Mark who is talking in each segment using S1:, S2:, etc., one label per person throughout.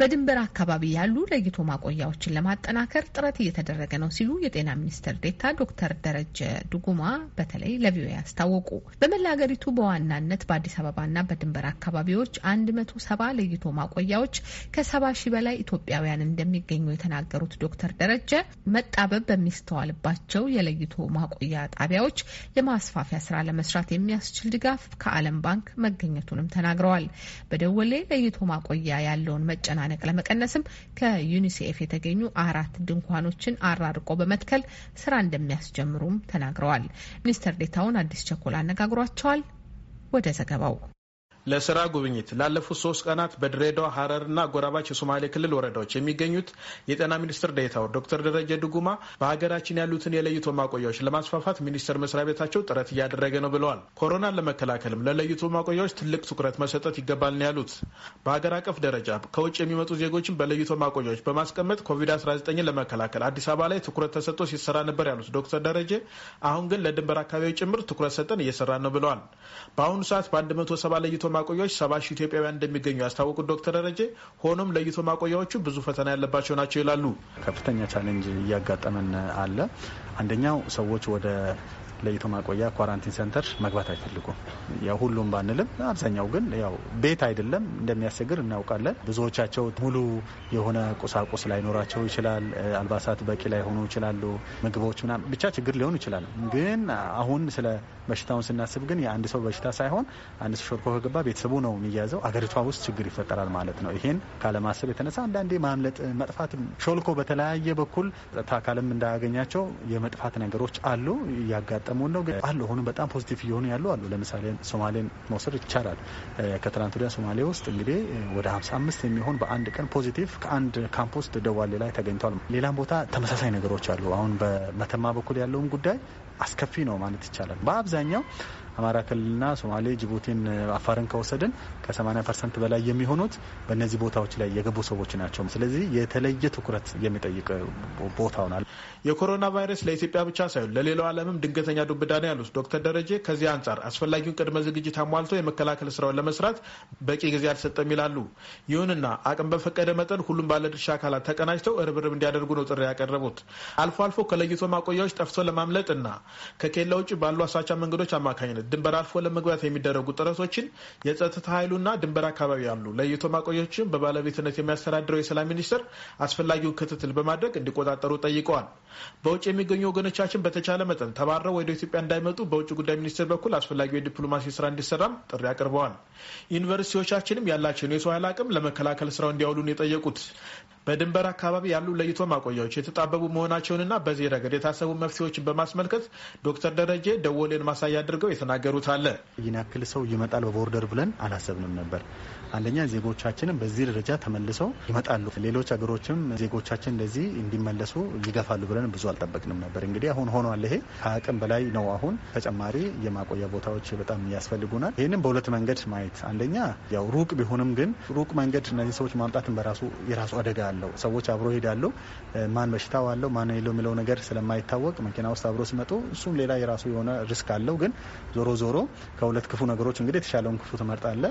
S1: በድንበር አካባቢ ያሉ ለይቶ ማቆያዎችን ለማጠናከር ጥረት እየተደረገ ነው ሲሉ የጤና ሚኒስትር ዴታ ዶክተር ደረጀ ዱጉማ በተለይ ለቪኦኤ አስታወቁ። በመላ ሀገሪቱ በዋናነት በአዲስ አበባና በድንበር አካባቢዎች ሰባ ለይቶ ማቆያዎች ከ70 በላይ ኢትዮጵያውያን እንደሚገኙ የተናገሩት ዶክተር ደረጀ መጣበብ በሚስተዋልባቸው የለይቶ ማቆያ ጣቢያዎች የማስፋፊያ ስራ ለመስራት የሚያስችል ድጋፍ ከዓለም ባንክ መገኘቱንም ተናግረዋል። በደወሌ ለይቶ ማቆያ ያለውን መጨና መጨናነቅ ለመቀነስም ከዩኒሴፍ የተገኙ አራት ድንኳኖችን አራርቆ በመትከል ስራ እንደሚያስጀምሩም ተናግረዋል። ሚኒስትር ዴታውን አዲስ ቸኮል አነጋግሯቸዋል። ወደ ዘገባው
S2: ለስራ ጉብኝት ላለፉት ሶስት ቀናት በድሬዳዋ ሀረርና ጎራባች የሶማሌ ክልል ወረዳዎች የሚገኙት የጤና ሚኒስትር ዴታው ዶክተር ደረጀ ድጉማ በሀገራችን ያሉትን የለይቶ ማቆያዎች ለማስፋፋት ሚኒስቴር መስሪያ ቤታቸው ጥረት እያደረገ ነው ብለዋል። ኮሮናን ለመከላከልም ለለይቶ ማቆያዎች ትልቅ ትኩረት መሰጠት ይገባል ነው ያሉት በሀገር አቀፍ ደረጃ ከውጭ የሚመጡ ዜጎችን በለይቶ ማቆያዎች በማስቀመጥ ኮቪድ-19ን ለመከላከል አዲስ አበባ ላይ ትኩረት ተሰጥቶ ሲሰራ ነበር ያሉት ዶክተር ደረጀ አሁን ግን ለድንበር አካባቢዎች ጭምር ትኩረት ሰጠን እየሰራ ነው ብለዋል። በአሁኑ ሰዓት በ ሰባ ለይቶ ማቆያዎች ሰባ ሺህ ኢትዮጵያውያን እንደሚገኙ ያስታወቁት ዶክተር ደረጀ ሆኖም ለይቶ ማቆያዎቹ ብዙ ፈተና ያለባቸው ናቸው ይላሉ።
S3: ከፍተኛ ቻሌንጅ እያጋጠመን አለ። አንደኛው ሰዎች ወደ ለይቶ ማቆያ ኳራንቲን ሰንተር መግባት አይፈልጉም። ያው ሁሉም ባንልም አብዛኛው ግን ያው ቤት አይደለም እንደሚያስቸግር እናውቃለን። ብዙዎቻቸው ሙሉ የሆነ ቁሳቁስ ላይኖራቸው ይችላል። አልባሳት በቂ ላይሆኑ ይችላሉ። ምግቦች ምናምን ብቻ ችግር ሊሆን ይችላል። ግን አሁን ስለ በሽታውን ስናስብ ግን የአንድ ሰው በሽታ ሳይሆን አንድ ሰው ሾልኮ ከገባ ቤተሰቡ ነው የሚያዘው። አገሪቷ ውስጥ ችግር ይፈጠራል ማለት ነው። ይሄን ካለማሰብ የተነሳ አንዳንዴ ማምለጥ መጥፋት፣ ሾልኮ በተለያየ በኩል ጸጥታ አካልም እንዳያገኛቸው የመጥፋት ነገሮች አሉ እያጋ እያጋጠሙን ነው። ግን አሉ አሁንም በጣም ፖዚቲቭ እየሆኑ ያሉ አሉ። ለምሳሌ ሶማሌን መውሰድ ይቻላል። ከትናንት ወዲያ ሶማሌ ውስጥ እንግዲህ ወደ 55 የሚሆን በአንድ ቀን ፖዚቲቭ ከአንድ ካምፕ ውስጥ ደዋሌ ላይ ተገኝቷል። ሌላም ቦታ ተመሳሳይ ነገሮች አሉ። አሁን በመተማ በኩል ያለውን ጉዳይ አስከፊ ነው ማለት ይቻላል። በአብዛኛው አማራ ክልልና ሶማሌ፣ ጅቡቲን፣ አፋርን ከወሰድን ከ80 ፐርሰንት በላይ የሚሆኑት በእነዚህ
S2: ቦታዎች ላይ የገቡ ሰዎች ናቸው። ስለዚህ የተለየ ትኩረት የሚጠይቅ ቦታ ሆናል። የኮሮና ቫይረስ ለኢትዮጵያ ብቻ ሳይሆን ለሌላው ዓለምም ድንገተኛ ዱብዳ ነው ያሉት ዶክተር ደረጀ ከዚህ አንጻር አስፈላጊውን ቅድመ ዝግጅት አሟልቶ የመከላከል ስራውን ለመስራት በቂ ጊዜ አልሰጠም ይላሉ። ይሁንና አቅም በፈቀደ መጠን ሁሉም ባለድርሻ አካላት ተቀናጅተው እርብርብ እንዲያደርጉ ነው ጥሪ ያቀረቡት። አልፎ አልፎ ከለይቶ ማቆያዎች ጠፍቶ ለማምለጥ እና ከኬላ ውጭ ባሉ አሳቻ መንገዶች አማካኝነት ድንበር አልፎ ለመግባት የሚደረጉ ጥረቶችን የጸጥታ ኃይሉና ድንበር አካባቢ ያሉ ለይቶ ማቆየቶችን በባለቤትነት የሚያስተዳድረው የሰላም ሚኒስቴር አስፈላጊውን ክትትል በማድረግ እንዲቆጣጠሩ ጠይቀዋል። በውጭ የሚገኙ ወገኖቻችን በተቻለ መጠን ተባረው ወደ ኢትዮጵያ እንዳይመጡ በውጭ ጉዳይ ሚኒስቴር በኩል አስፈላጊው የዲፕሎማሲ ስራ እንዲሰራም ጥሪ አቅርበዋል። ዩኒቨርሲቲዎቻችንም ያላቸውን የሰው ኃይል አቅም ለመከላከል ስራው እንዲያውሉን የጠየቁት በድንበር አካባቢ ያሉ ለይቶ ማቆያዎች የተጣበቡ መሆናቸውንና በዚህ ረገድ የታሰቡ መፍትሄዎችን በማስመልከት ዶክተር ደረጀ ደወሌን ማሳያ አድርገው የተናገሩት አለ።
S3: ይህን ያክል ሰው ይመጣል በቦርደር ብለን አላሰብንም ነበር። አንደኛ ዜጎቻችንም በዚህ ደረጃ ተመልሰው ይመጣሉ፣ ሌሎች ሀገሮችም ዜጎቻችን እንደዚህ እንዲመለሱ ይገፋሉ ብለን ብዙ አልጠበቅንም ነበር። እንግዲህ አሁን ሆኗል። ይሄ ከአቅም በላይ ነው። አሁን ተጨማሪ የማቆያ ቦታዎች በጣም ያስፈልጉናል። ይህንም በሁለት መንገድ ማየት አንደኛ ያው ሩቅ ቢሆንም ግን ሩቅ መንገድ እነዚህ ሰዎች ማምጣትን በራሱ የራሱ አደጋ አለው። ሰዎች አብሮ ይሄዳሉ። ማን በሽታው አለው ማን የለው የሚለው ነገር ስለማይታወቅ መኪና ውስጥ አብሮ ሲመጡ እሱም ሌላ የራሱ የሆነ ሪስክ አለው። ግን ዞሮ ዞሮ ከሁለት ክፉ ነገሮች እንግዲህ የተሻለውን ክፉ ትመርጣለ።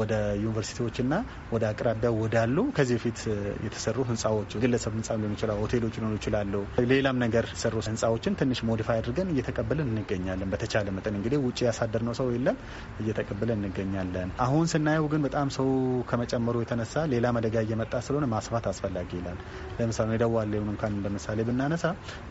S3: ወደ ዩኒቨርሲቲዎችና ወደ አቅራቢያው ወዳሉ ከዚህ በፊት የተሰሩ ህንፃዎች ግለሰብ ህንፃ ሊሆን ይችላል፣ ሆቴሎች ሊሆኑ ይችላሉ፣ ሌላም ነገር የተሰሩ ህንፃዎችን ትንሽ ሞዲፋይ አድርገን እየተቀበለን እንገኛለን። በተቻለ መጠን እንግዲህ ውጭ ያሳደርነው ሰው የለም፣ እየተቀበለ እንገኛለን። አሁን ስናየው ግን በጣም ሰው ከመጨመሩ የተነሳ ሌላ አደጋ እየመጣ ስለሆነ ማስፋት አስፈላጊ አስፈላጊ ይላል። ለምሳሌ ደዋሌውን እንኳን እንደምሳሌ ብናነሳ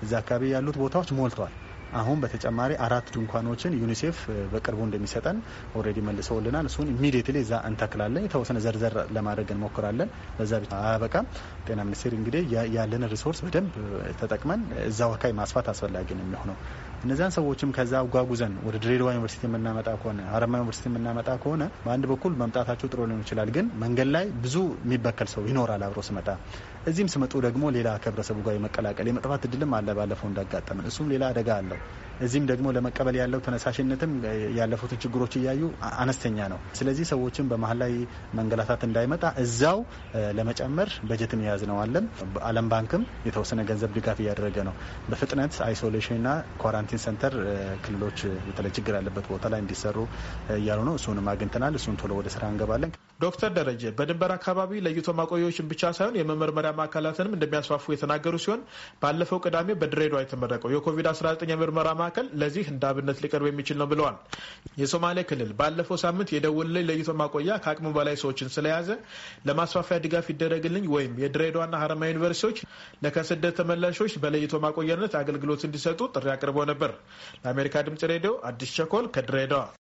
S3: እዚ አካባቢ ያሉት ቦታዎች ሞልተዋል። አሁን በተጨማሪ አራት ድንኳኖችን ዩኒሴፍ በቅርቡ እንደሚሰጠን ኦልሬዲ መልሰውልናል። እሱን ኢሚዲየትሊ እዛ እንተክላለን። የተወሰነ ዘርዘር ለማድረግ እንሞክራለን። በዛ ብቻ አያበቃም። ጤና ሚኒስቴር እንግዲህ ያለን ሪሶርስ በደንብ ተጠቅመን እዛው አካባቢ ማስፋት አስፈላጊ ነው የሚሆነው። እነዚያን ሰዎችም ከዛ አጓጉዘን ወደ ድሬዳዋ ዩኒቨርሲቲ የምናመጣ ከሆነ አረማ ዩኒቨርሲቲ የምናመጣ ከሆነ በአንድ በኩል መምጣታቸው ጥሩ ሊሆን ይችላል፣ ግን መንገድ ላይ ብዙ የሚበከል ሰው ይኖራል አብሮ ስመጣ። እዚህም ስመጡ ደግሞ ሌላ ከህብረተሰቡ ጋር የመቀላቀል የመጥፋት እድልም አለ ባለፈው እንዳጋጠመን፣ እሱም ሌላ አደጋ አለው። እዚህም ደግሞ ለመቀበል ያለው ተነሳሽነትም ያለፉትን ችግሮች እያዩ አነስተኛ ነው። ስለዚህ ሰዎችን በመሀል ላይ መንገላታት እንዳይመጣ እዛው ለመጨመር በጀትም የያዝ ነው አለን። ዓለም ባንክም የተወሰነ ገንዘብ ድጋፍ እያደረገ ነው። በፍጥነት አይሶሌሽንና ኳራንቲ ኮሚኒቲ ሰንተር ክልሎች በተለይ ችግር ያለበት ቦታ ላይ እንዲሰሩ እያሉ ነው። እሱንም አግኝተናል። እሱን ቶሎ ወደ ስራ እንገባለን።
S2: ዶክተር ደረጀ በድንበር አካባቢ ለይቶ ማቆያዎችን ብቻ ሳይሆን የመመርመሪያ ማዕከላትንም እንደሚያስፋፉ የተናገሩ ሲሆን ባለፈው ቅዳሜ በድሬዳዋ የተመረቀው የኮቪድ-19 የምርመራ ማዕከል ለዚህ እንደ አብነት ሊቀርብ የሚችል ነው ብለዋል። የሶማሌ ክልል ባለፈው ሳምንት የደወለልኝ ለይቶ ማቆያ ከአቅሙ በላይ ሰዎችን ስለያዘ ለማስፋፊያ ድጋፍ ይደረግልኝ ወይም የድሬዳዋና ሀረማያ ዩኒቨርሲቲዎች ለከስደት ተመላሾች በለይቶ ማቆያነት አገልግሎት እንዲሰጡ ጥሪ አቅርቦ ነበር። ለአሜሪካ ድምጽ ሬዲዮ አዲስ ቸኮል ከድሬዳዋ